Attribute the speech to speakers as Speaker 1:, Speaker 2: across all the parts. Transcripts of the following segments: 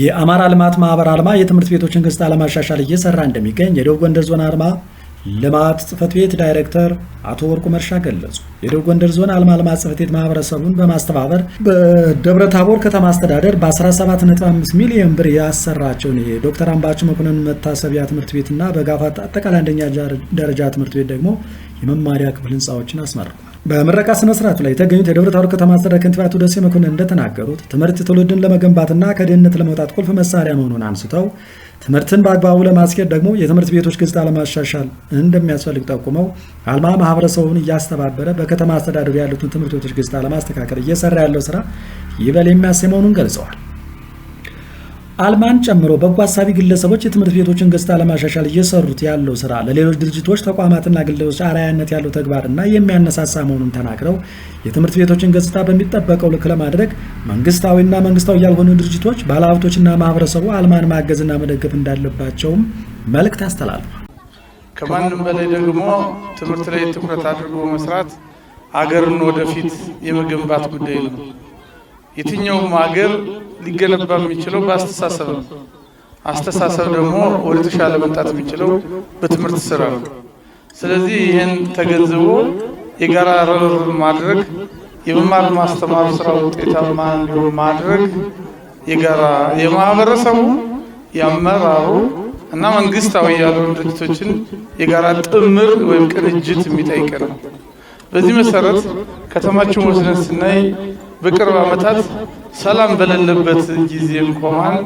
Speaker 1: የአማራ ልማት ማህበር አልማ የትምህርት ቤቶችን ገጽታ ለማሻሻል እየሰራ እንደሚገኝ የደቡብ ጎንደር ዞን አልማ ልማት ጽፈት ቤት ዳይሬክተር አቶ ወርቁ መርሻ ገለጹ። የደቡብ ጎንደር ዞን አልማ ልማት ጽሕፈት ቤት ማህበረሰቡን በማስተባበር በደብረ ታቦር ከተማ አስተዳደር በ17.5 ሚሊዮን ብር ያሰራቸውን የዶክተር አምባቸው መኮንን መታሰቢያ ትምህርት ቤትና በጋፋት አጠቃላይ አንደኛ ደረጃ ትምህርት ቤት ደግሞ የመማሪያ ክፍል ህንፃዎችን አስመርቋል። በምረቃ ስነ ስርዓቱ ላይ የተገኙት የደብረ ታቦር ከተማ አስተዳደር ከንቲባ አቶ ደሴ መኮንን እንደተናገሩት ትምህርት ትውልድን ለመገንባትና ከድህነት ለመውጣት ቁልፍ መሳሪያ መሆኑን አንስተው ትምህርትን በአግባቡ ለማስኬድ ደግሞ የትምህርት ቤቶች ገጽታ ለማሻሻል እንደሚያስፈልግ ጠቁመው አልማ ማህበረሰቡን እያስተባበረ በከተማ አስተዳደሩ ያሉትን ትምህርት ቤቶች ገጽታ ለማስተካከል እየሰራ ያለው ስራ ይበል የሚያሰኝ መሆኑን ገልጸዋል። አልማን ጨምሮ በጎ አሳቢ ግለሰቦች የትምህርት ቤቶችን ገጽታ ለማሻሻል እየሰሩት ያለው ስራ ለሌሎች ድርጅቶች ተቋማትና ግለሰቦች አርአያነት ያለው ተግባርና የሚያነሳሳ መሆኑን ተናግረው የትምህርት ቤቶችን ገጽታ በሚጠበቀው ልክ ለማድረግ መንግስታዊና መንግስታዊ ያልሆኑ ድርጅቶች፣ ባለሀብቶችና ማህበረሰቡ አልማን ማገዝና መደገፍ እንዳለባቸውም መልእክት አስተላልፏል።
Speaker 2: ከማንም በላይ ደግሞ ትምህርት ላይ ትኩረት አድርጎ መስራት አገርን ወደፊት የመገንባት ጉዳይ ነው። የትኛውም አገር? ሊገነባ የሚችለው በአስተሳሰብ ነው። አስተሳሰብ ደግሞ ወደ ተሻለ መምጣት የሚችለው በትምህርት ስራ ነው። ስለዚህ ይህን ተገንዝቦ የጋራ ርብርብ ማድረግ፣ የመማር ማስተማር ስራ ውጤታማ እንዲሆን ማድረግ የጋራ የማህበረሰቡ ያመራሩ እና መንግስታዊ ያልሆኑ ድርጅቶችን የጋራ ጥምር ወይም ቅንጅት የሚጠይቅ ነው። በዚህ መሰረት ከተማችን ወስደን ስናይ በቅርብ ዓመታት ሰላም በሌለበት ጊዜ ቆማል።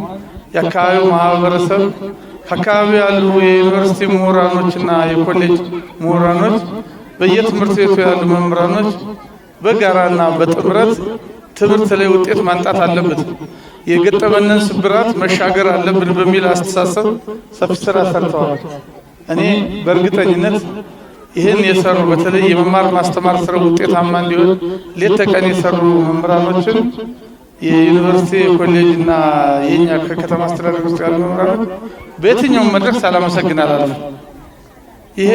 Speaker 2: የአካባቢው ማህበረሰብ ከአካባቢው ያሉ የዩኒቨርሲቲ ምሁራኖችና የኮሌጅ ምሁራኖች በየትምህርት ቤቱ ያሉ መምህራኖች በጋራና በጥምረት ትምህርት ላይ ውጤት ማምጣት አለበት፣ የገጠመንን ስብራት መሻገር አለብን በሚል አስተሳሰብ ሰፊ ስራ ሰርተዋል። እኔ በእርግጠኝነት ይህን የሰሩ በተለይ የመማር ማስተማር ስራ ውጤታማ እንዲሆን ሌት ተቀን የሰሩ መምህራኖችን የዩኒቨርሲቲ ኮሌጅ እና የኛ ከከተማ አስተዳደር ውስጥ ያሉ መምህራን በየትኛውም መድረክ ሳላመሰግን ይሄ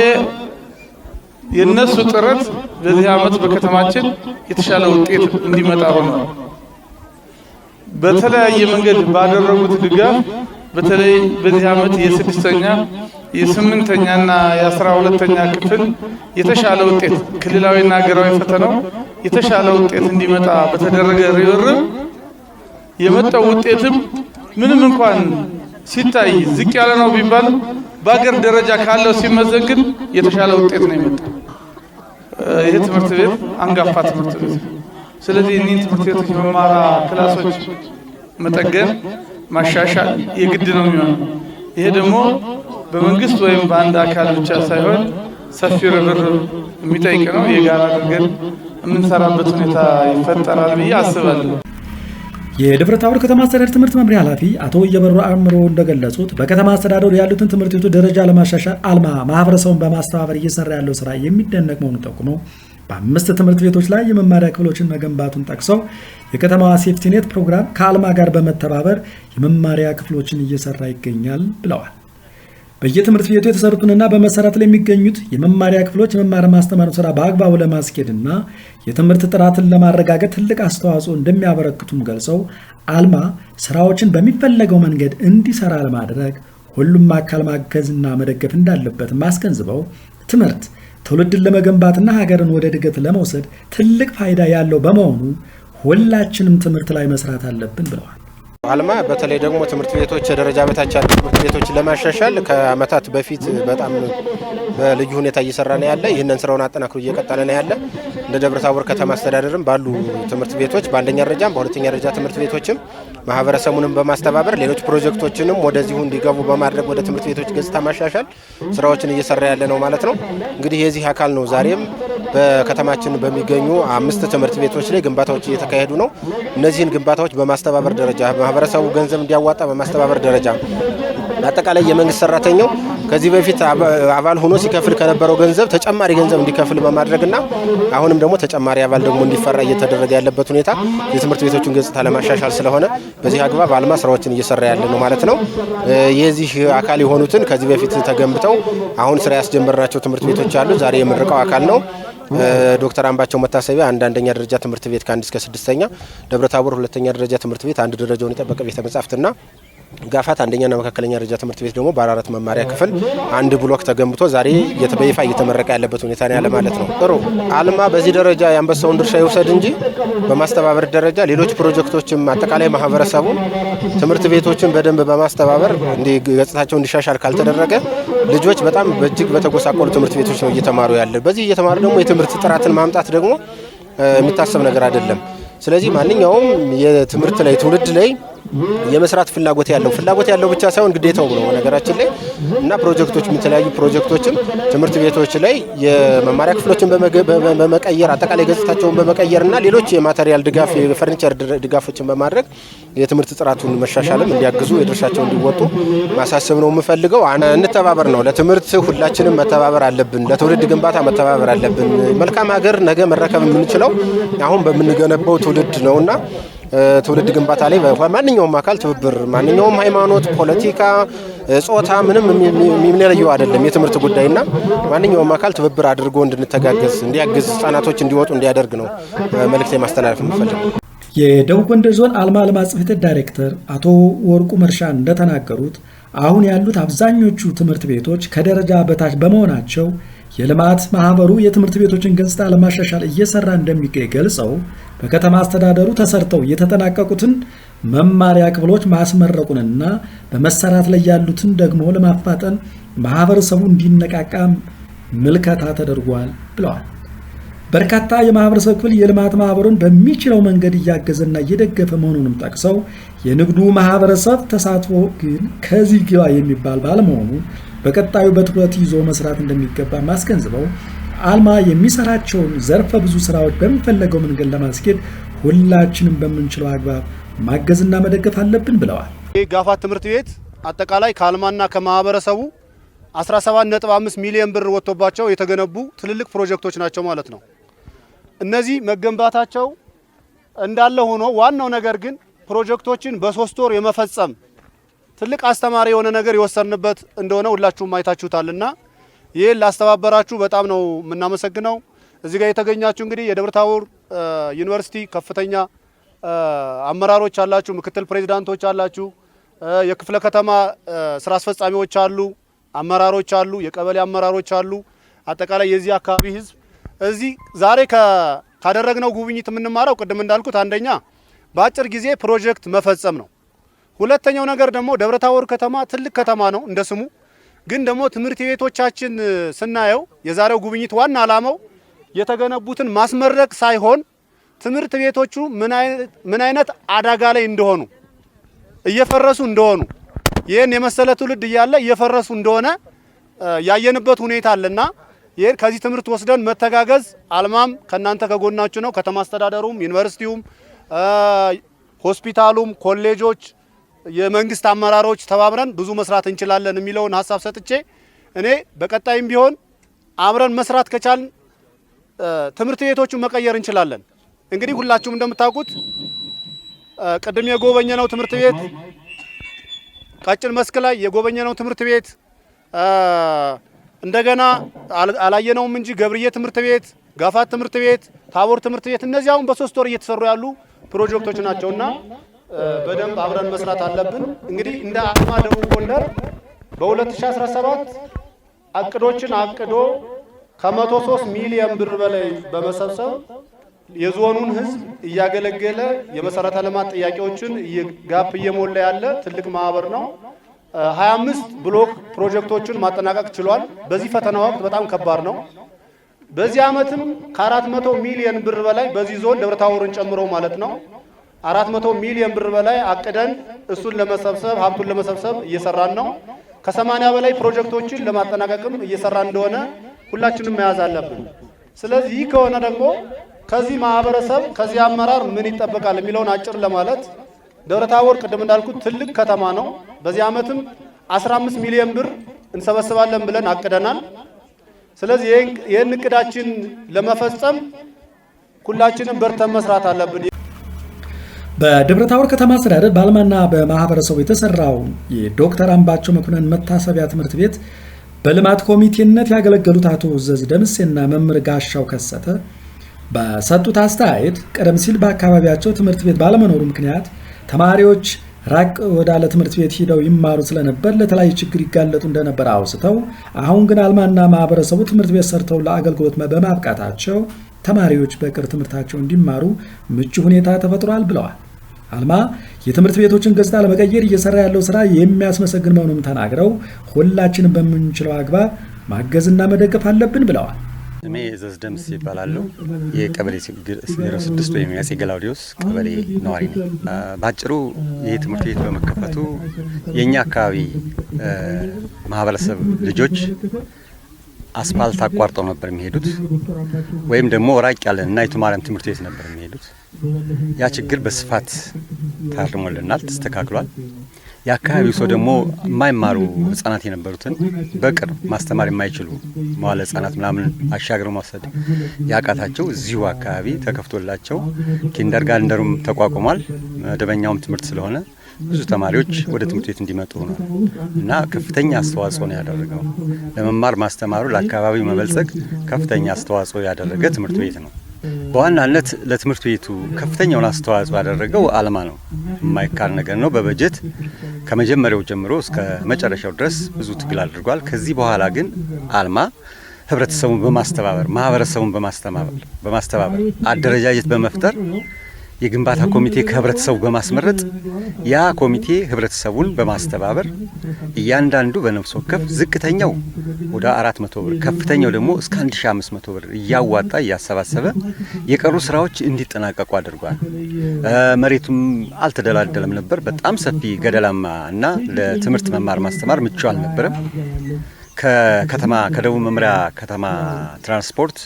Speaker 2: የእነሱ ጥረት በዚህ ዓመት በከተማችን የተሻለ ውጤት እንዲመጣ ሆኖ በተለያየ መንገድ ባደረጉት ድጋፍ በተለይ በዚህ ዓመት የስድስተኛ የስምንተኛና የአስራ ሁለተኛ ክፍል የተሻለ ውጤት ክልላዊና ሀገራዊ ፈተናው የተሻለ ውጤት እንዲመጣ በተደረገ ርብርብ የመጣው ውጤትም ምንም እንኳን ሲታይ ዝቅ ያለ ነው ቢባል በአገር ደረጃ ካለው ሲመዘን ግን የተሻለ ውጤት ነው የመጣው። ይህ ትምህርት ቤት አንጋፋ ትምህርት ቤት ስለዚህ እኒህ ትምህርት ቤቶች መማራ ክላሶች መጠገን፣ ማሻሻል የግድ ነው የሚሆነው። ይሄ ደግሞ በመንግስት ወይም በአንድ አካል ብቻ ሳይሆን ሰፊ ርብርብ የሚጠይቅ ነው። የጋራ አድርገን የምንሰራበት ሁኔታ ይፈጠራል ብዬ አስባለሁ።
Speaker 1: የደብረ ታቦር ከተማ አስተዳደር ትምህርት መምሪያ ኃላፊ አቶ እየበሩ አእምሮ እንደገለጹት በከተማ አስተዳደሩ ያሉትን ትምህርት ቤቶች ደረጃ ለማሻሻል አልማ ማህበረሰቡን በማስተባበር እየሰራ ያለው ስራ የሚደነቅ መሆኑን ጠቁመው በአምስት ትምህርት ቤቶች ላይ የመማሪያ ክፍሎችን መገንባቱን ጠቅሰው የከተማዋ ሴፍቲኔት ፕሮግራም ከአልማ ጋር በመተባበር የመማሪያ ክፍሎችን እየሰራ ይገኛል ብለዋል። በየትምህርት ቤቱ የተሰሩትንና በመሰራት ላይ የሚገኙት የመማሪያ ክፍሎች የመማር ማስተማር ስራ በአግባቡ ለማስኬድና የትምህርት ጥራትን ለማረጋገጥ ትልቅ አስተዋጽኦ እንደሚያበረክቱም ገልጸው አልማ ስራዎችን በሚፈለገው መንገድ እንዲሰራ ለማድረግ ሁሉም አካል ማገዝና መደገፍ እንዳለበት አስገንዝበው ትምህርት ትውልድን ለመገንባትና ሀገርን ወደ እድገት ለመውሰድ ትልቅ ፋይዳ ያለው በመሆኑ ሁላችንም ትምህርት ላይ መስራት አለብን ብለዋል።
Speaker 3: አልማ በተለይ ደግሞ ትምህርት ቤቶች የደረጃ በታች ያሉ ትምህርት ቤቶች ለማሻሻል ከአመታት በፊት በጣም በልዩ ሁኔታ እየሰራ ነው ያለ። ይህንን ስራውን አጠናክሮ እየቀጠለ ነው ያለ። እንደ ደብረ ታቦር ከተማ አስተዳደርም ባሉ ትምህርት ቤቶች በአንደኛ ደረጃም በሁለተኛ ደረጃ ትምህርት ቤቶችም ማህበረሰቡንም በማስተባበር ሌሎች ፕሮጀክቶችንም ወደዚሁ እንዲገቡ በማድረግ ወደ ትምህርት ቤቶች ገጽታ ማሻሻል ስራዎችን እየሰራ ያለ ነው ማለት ነው። እንግዲህ የዚህ አካል ነው ዛሬም በከተማችን በሚገኙ አምስት ትምህርት ቤቶች ላይ ግንባታዎች እየተካሄዱ ነው። እነዚህን ግንባታዎች በማስተባበር ደረጃ ማህበረሰቡ ገንዘብ እንዲያዋጣ በማስተባበር ደረጃ አጠቃላይ የመንግስት ሰራተኛው ከዚህ በፊት አባል ሆኖ ሲከፍል ከነበረው ገንዘብ ተጨማሪ ገንዘብ እንዲከፍል በማድረግና አሁንም ደግሞ ተጨማሪ አባል ደግሞ እንዲፈራ እየተደረገ ያለበት ሁኔታ የትምህርት ቤቶችን ገጽታ ለማሻሻል ስለሆነ በዚህ አግባብ አልማ ስራዎችን እየሰራ ያለ ነው ማለት ነው። የዚህ አካል የሆኑትን ከዚህ በፊት ተገንብተው አሁን ስራ ያስጀመርናቸው ትምህርት ቤቶች አሉ። ዛሬ የምረቃው አካል ነው። ዶክተር አምባቸው መታሰቢያ አንድ አንደኛ ደረጃ ትምህርት ቤት ከአንድ እስከ ስድስተኛ፣ ደብረታቦር ሁለተኛ ደረጃ ትምህርት ቤት አንድ ደረጃውን የጠበቀ ቤተ መጻሕፍትና ጋፋት አንደኛና መካከለኛ ደረጃ ትምህርት ቤት ደግሞ በአራራት መማሪያ ክፍል አንድ ብሎክ ተገንብቶ ዛሬ በይፋ እየተመረቀ ያለበት ሁኔታ ነው ያለ ማለት ነው። ጥሩ አልማ በዚህ ደረጃ የአንበሳውን ድርሻ ይውሰድ እንጂ በማስተባበር ደረጃ ሌሎች ፕሮጀክቶችም አጠቃላይ ማህበረሰቡ ትምህርት ቤቶችን በደንብ በማስተባበር ገጽታቸው እንዲሻሻል ካልተደረገ ልጆች በጣም በእጅግ በተጎሳቆሉ ትምህርት ቤቶች ነው እየተማሩ ያለ። በዚህ እየተማሩ ደግሞ የትምህርት ጥራትን ማምጣት ደግሞ የሚታሰብ ነገር አይደለም። ስለዚህ ማንኛውም የትምህርት ላይ ትውልድ ላይ የመስራት ፍላጎት ያለው ፍላጎት ያለው ብቻ ሳይሆን ግዴታው ነው ነገራችን ላይ እና ፕሮጀክቶችም የተለያዩ ፕሮጀክቶችም ትምህርት ቤቶች ላይ የመማሪያ ክፍሎችን በመቀየር አጠቃላይ ገጽታቸውን በመቀየር እና ሌሎች የማቴሪያል ድጋፍ የፈርኒቸር ድጋፎችን በማድረግ የትምህርት ጥራቱን መሻሻልም እንዲያግዙ የድርሻቸው እንዲወጡ ማሳሰብ ነው የምፈልገው። እንተባበር ነው ለትምህርት ሁላችንም መተባበር አለብን። ለትውልድ ግንባታ መተባበር አለብን። መልካም ሀገር ነገ መረከብ የምንችለው አሁን በምንገነባው ትውልድ ነውና ትውልድ ግንባታ ላይ ማንኛውም አካል ትብብር፣ ማንኛውም ሃይማኖት፣ ፖለቲካ፣ ጾታ ምንም የሚለየው አይደለም የትምህርት ጉዳይና ማንኛውም አካል ትብብር አድርጎ እንድንተጋገዝ እንዲያግዝ ህጻናቶች እንዲወጡ እንዲያደርግ ነው መልእክት ማስተላለፍ የምፈልግ
Speaker 1: የደቡብ ጎንደር ዞን አልማ አልማ ጽሕፈት ዳይሬክተር አቶ ወርቁ መርሻ እንደተናገሩት አሁን ያሉት አብዛኞቹ ትምህርት ቤቶች ከደረጃ በታች በመሆናቸው የልማት ማህበሩ የትምህርት ቤቶችን ገጽታ ለማሻሻል እየሰራ እንደሚገኝ ገልጸው በከተማ አስተዳደሩ ተሰርተው የተጠናቀቁትን መማሪያ ክፍሎች ማስመረቁንና በመሰራት ላይ ያሉትን ደግሞ ለማፋጠን ማህበረሰቡ እንዲነቃቃ ምልከታ ተደርጓል ብለዋል። በርካታ የማህበረሰብ ክፍል የልማት ማህበሩን በሚችለው መንገድ እያገዘና እየደገፈ መሆኑንም ጠቅሰው የንግዱ ማህበረሰብ ተሳትፎ ግን ከዚህ ግባ የሚባል ባለመሆኑ በቀጣዩ በትኩረት ይዞ መስራት እንደሚገባ ማስገንዝበው አልማ የሚሰራቸውን ዘርፈ ብዙ ስራዎች በሚፈለገው መንገድ ለማስኬድ ሁላችንም በምንችለው አግባብ ማገዝና መደገፍ አለብን ብለዋል።
Speaker 4: ይህ ጋፋ ትምህርት ቤት አጠቃላይ ከአልማና ከማህበረሰቡ 17.5 ሚሊዮን ብር ወጥቶባቸው የተገነቡ ትልልቅ ፕሮጀክቶች ናቸው ማለት ነው። እነዚህ መገንባታቸው እንዳለ ሆኖ ዋናው ነገር ግን ፕሮጀክቶችን በሶስት ወር የመፈጸም ትልቅ አስተማሪ የሆነ ነገር የወሰንበት እንደሆነ ሁላችሁም አይታችሁታልና ይህን ላስተባበራችሁ በጣም ነው የምናመሰግነው። እዚህ ጋር የተገኛችሁ እንግዲህ የደብረ ታቦር ዩኒቨርሲቲ ከፍተኛ አመራሮች አላችሁ፣ ምክትል ፕሬዚዳንቶች አላችሁ፣ የክፍለ ከተማ ስራ አስፈጻሚዎች አሉ፣ አመራሮች አሉ፣ የቀበሌ አመራሮች አሉ። አጠቃላይ የዚህ አካባቢ ህዝብ እዚህ ዛሬ ካደረግነው ጉብኝት የምንማረው ቅድም እንዳልኩት አንደኛ በአጭር ጊዜ ፕሮጀክት መፈጸም ነው። ሁለተኛው ነገር ደግሞ ደብረ ታቦር ከተማ ትልቅ ከተማ ነው እንደ ስሙ ግን ደግሞ ትምህርት ቤቶቻችን ስናየው የዛሬው ጉብኝት ዋና ዓላማው የተገነቡትን ማስመረቅ ሳይሆን ትምህርት ቤቶቹ ምን አይነት አደጋ ላይ እንደሆኑ እየፈረሱ እንደሆኑ ይህን የመሰለ ትውልድ እያለ እየፈረሱ እንደሆነ ያየንበት ሁኔታ አለና ይህን ከዚህ ትምህርት ወስደን መተጋገዝ አልማም ከእናንተ ከጎናችሁ ነው። ከተማ አስተዳደሩም ዩኒቨርሲቲውም ሆስፒታሉም ኮሌጆች የመንግስት አመራሮች ተባብረን ብዙ መስራት እንችላለን የሚለውን ሀሳብ ሰጥቼ እኔ በቀጣይም ቢሆን አብረን መስራት ከቻልን ትምህርት ቤቶቹን መቀየር እንችላለን። እንግዲህ ሁላችሁም እንደምታውቁት ቅድም የጎበኘነው ትምህርት ቤት ቀጭን መስክ ላይ የጎበኘነው ትምህርት ቤት እንደገና አላየነውም እንጂ ገብርዬ ትምህርት ቤት፣ ጋፋት ትምህርት ቤት፣ ታቦር ትምህርት ቤት እነዚህ አሁን በሶስት ወር እየተሰሩ ያሉ ፕሮጀክቶች ናቸውና በደንብ አብረን መስራት አለብን። እንግዲህ እንደ አማ ደቡብ ጎንደር በ2017 እቅዶችን አቅዶ ከ103 ሚሊዮን ብር በላይ በመሰብሰብ የዞኑን ህዝብ እያገለገለ የመሰረተ ልማት ጥያቄዎችን ጋፕ እየሞላ ያለ ትልቅ ማህበር ነው። 25 ብሎክ ፕሮጀክቶችን ማጠናቀቅ ችሏል። በዚህ ፈተና ወቅት በጣም ከባድ ነው። በዚህ ዓመትም ከ400 ሚሊዮን ብር በላይ በዚህ ዞን ደብረ ጨምሮ ማለት ነው አራት መቶ ሚሊዮን ብር በላይ አቅደን እሱን ለመሰብሰብ ሀብቱን ለመሰብሰብ እየሰራን ነው። ከሰማንያ በላይ ፕሮጀክቶችን ለማጠናቀቅም እየሰራ እንደሆነ ሁላችንም መያዝ አለብን። ስለዚህ ይህ ከሆነ ደግሞ ከዚህ ማህበረሰብ ከዚህ አመራር ምን ይጠበቃል የሚለውን አጭር ለማለት ደብረ ቅድም እንዳልኩት ትልቅ ከተማ ነው። በዚህ ዓመትም 15 ሚሊዮን ብር እንሰበስባለን ብለን አቅደናል። ስለዚህ ይህን እቅዳችን ለመፈጸም ሁላችንም በርተን መስራት አለብን።
Speaker 1: በደብረ ታቦር ከተማ አስተዳደር በአልማና በማህበረሰቡ የተሰራው የዶክተር አምባቸው መኮንን መታሰቢያ ትምህርት ቤት በልማት ኮሚቴነት ያገለገሉት አቶ ዘዝ ደምሴና መምህር ጋሻው ከሰተ በሰጡት አስተያየት ቀደም ሲል በአካባቢያቸው ትምህርት ቤት ባለመኖሩ ምክንያት ተማሪዎች ራቅ ወዳለ ትምህርት ቤት ሂደው ይማሩ ስለነበር ለተለያዩ ችግር ይጋለጡ እንደነበር አውስተው አሁን ግን አልማና ማህበረሰቡ ትምህርት ቤት ሰርተው ለአገልግሎት በማብቃታቸው ተማሪዎች በቅር ትምህርታቸው እንዲማሩ ምቹ ሁኔታ ተፈጥሯል ብለዋል። አልማ የትምህርት ቤቶችን ገጽታ ለመቀየር እየሰራ ያለው ስራ የሚያስመሰግን መሆኑን ተናግረው ሁላችንም በምንችለው አግባብ ማገዝና መደገፍ አለብን ብለዋል።
Speaker 5: ስሜ የዘዝ ደምስ ይባላለሁ። የቀበሌ ዜሮ ስድስት ወይም የአፄ ገላውዲዮስ ቀበሌ ነዋሪ ነው። በአጭሩ ይህ ትምህርት ቤት በመከፈቱ የእኛ አካባቢ ማህበረሰብ ልጆች አስፋልት አቋርጠው ነበር የሚሄዱት፣ ወይም ደግሞ ራቅ ያለን እና የቱ ማርያም ትምህርት ቤት ነበር የሚሄዱት ያ ችግር በስፋት ታርሞልናል፣ ተስተካክሏል። የአካባቢው ሰው ደግሞ የማይማሩ ህጻናት የነበሩትን በቅርብ ማስተማር የማይችሉ መዋለ ህጻናት ምናምን አሻግረው መውሰድ ያቃታቸው እዚሁ አካባቢ ተከፍቶላቸው ኪንደር ጋልንደሩም ተቋቁሟል። መደበኛውም ትምህርት ስለሆነ ብዙ ተማሪዎች ወደ ትምህርት ቤት እንዲመጡ ሆኗል እና ከፍተኛ አስተዋጽኦ ነው ያደረገው። ለመማር ማስተማሩ ለአካባቢው መበልጸግ ከፍተኛ አስተዋጽኦ ያደረገ ትምህርት ቤት ነው። በዋናነት ለትምህርት ቤቱ ከፍተኛውን አስተዋጽኦ ያደረገው አልማ ነው። የማይካል ነገር ነው። በበጀት ከመጀመሪያው ጀምሮ እስከ መጨረሻው ድረስ ብዙ ትግል አድርጓል። ከዚህ በኋላ ግን አልማ ህብረተሰቡን በማስተባበር ማህበረሰቡን በማስተባበር አደረጃጀት በመፍጠር የግንባታ ኮሚቴ ከህብረተሰቡ በማስመረጥ ያ ኮሚቴ ህብረተሰቡን በማስተባበር እያንዳንዱ በነፍስ ወከፍ ዝቅተኛው ወደ 400 ብር ከፍተኛው ደግሞ እስከ 1500 ብር እያዋጣ እያሰባሰበ የቀሩ ስራዎች እንዲጠናቀቁ አድርጓል። መሬቱም አልተደላደለም ነበር። በጣም ሰፊ ገደላማ እና ለትምህርት መማር ማስተማር ምቹ አልነበረም። ከከተማ ከደቡብ መምሪያ ከተማ ትራንስፖርት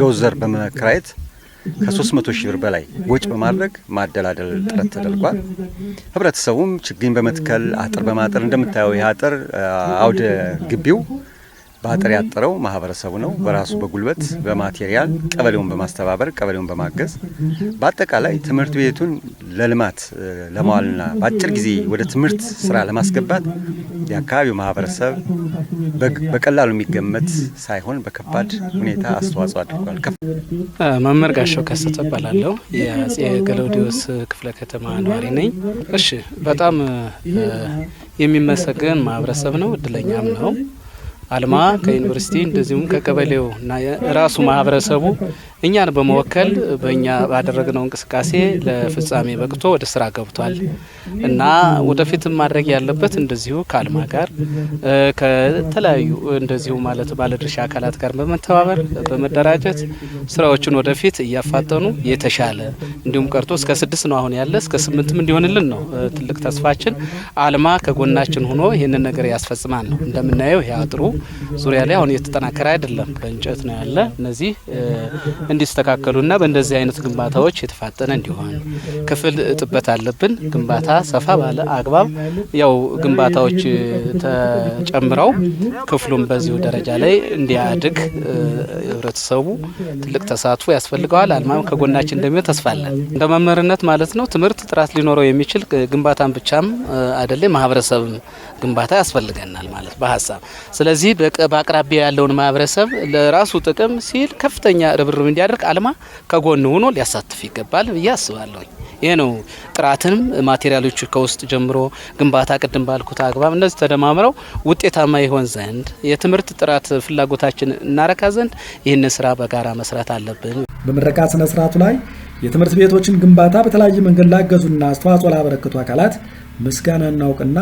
Speaker 5: ዶዘር በመከራየት ከ መቶ ሺህ ብር በላይ ወጪ በማድረግ ማደላደል ጥረት ተደርጓል። ህብረተሰቡም ችግኝ በመትከል አጥር በማጠር እንደምታየው ይህ አጥር አውደ ግቢው በአጥር ያጠረው ማህበረሰቡ ነው። በራሱ በጉልበት በማቴሪያል ቀበሌውን በማስተባበር ቀበሌውን በማገዝ በአጠቃላይ ትምህርት ቤቱን ለልማት ለመዋልና በአጭር ጊዜ ወደ ትምህርት ስራ ለማስገባት የአካባቢው ማህበረሰብ በቀላሉ የሚገመት ሳይሆን በከባድ ሁኔታ አስተዋጽኦ አድርጓል።
Speaker 6: መምህር ጋሻው ከሰተ እባላለሁ። የአፄ ገላውዴዎስ ክፍለ ከተማ ነዋሪ ነኝ። እሺ፣ በጣም የሚመሰገን ማህበረሰብ ነው። እድለኛም ነው። አልማ ከዩኒቨርሲቲ እንደዚሁም ከቀበሌው እና ራሱ ማህበረሰቡ እኛን በመወከል በእኛ ባደረግነው እንቅስቃሴ ለፍጻሜ በቅቶ ወደ ስራ ገብቷል እና ወደፊትም ማድረግ ያለበት እንደዚሁ ከአልማ ጋር ከተለያዩ እንደዚሁ ማለት ባለድርሻ አካላት ጋር በመተባበር በመደራጀት ስራዎችን ወደፊት እያፋጠኑ የተሻለ እንዲሁም ቀርቶ እስከ ስድስት ነው አሁን ያለ እስከ ስምንትም እንዲሆንልን ነው ትልቅ ተስፋችን። አልማ ከጎናችን ሆኖ ይህንን ነገር ያስፈጽማል ነው እንደምናየው ያጥሩ ዙሪያ ላይ አሁን እየተጠናከረ አይደለም፣ በእንጨት ነው ያለ። እነዚህ እንዲስተካከሉና በእንደዚህ አይነት ግንባታዎች የተፋጠነ እንዲሆን ክፍል ጥበት አለብን። ግንባታ ሰፋ ባለ አግባብ ያው ግንባታዎች ተጨምረው ክፍሉም በዚሁ ደረጃ ላይ እንዲያድግ ህብረተሰቡ ትልቅ ተሳትፎ ያስፈልገዋል። አልማም ከጎናችን እንደሚሆን ተስፋ አለን። እንደ መምህርነት ማለት ነው ትምህርት ጥራት ሊኖረው የሚችል ግንባታን ብቻም አይደለም ማህበረሰብ ግንባታ ያስፈልገናል ማለት በሀሳብ ስለዚህ እዚህ በአቅራቢያ ያለውን ማህበረሰብ ለራሱ ጥቅም ሲል ከፍተኛ ርብርብ እንዲያደርግ አልማ ከጎን ሆኖ ሊያሳትፍ ይገባል ብዬ አስባለሁኝ። ይሄ ነው ጥራትንም ማቴሪያሎቹ ከውስጥ ጀምሮ ግንባታ፣ ቅድም ባልኩት አግባብ እነዚህ ተደማምረው ውጤታማ ይሆን ዘንድ የትምህርት ጥራት ፍላጎታችን እናረካ ዘንድ ይህንን ስራ በጋራ መስራት አለብን።
Speaker 1: በምረቃ ስነ ስርዓቱ ላይ የትምህርት ቤቶችን ግንባታ በተለያየ መንገድ ላገዙና አስተዋጽኦ ላበረከቱ አካላት ምስጋና እናውቅና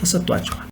Speaker 1: ተሰጥቷቸዋል።